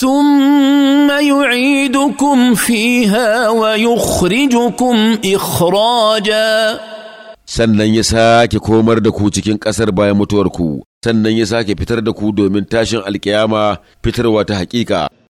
ثم يعيدكم فيها ويخرجكم إخراجا sannan ya sake komar da ku cikin ƙasar bayan mutuwarku sannan ya sake fitar da ku domin tashin alkiyama fitarwa ta haƙiƙa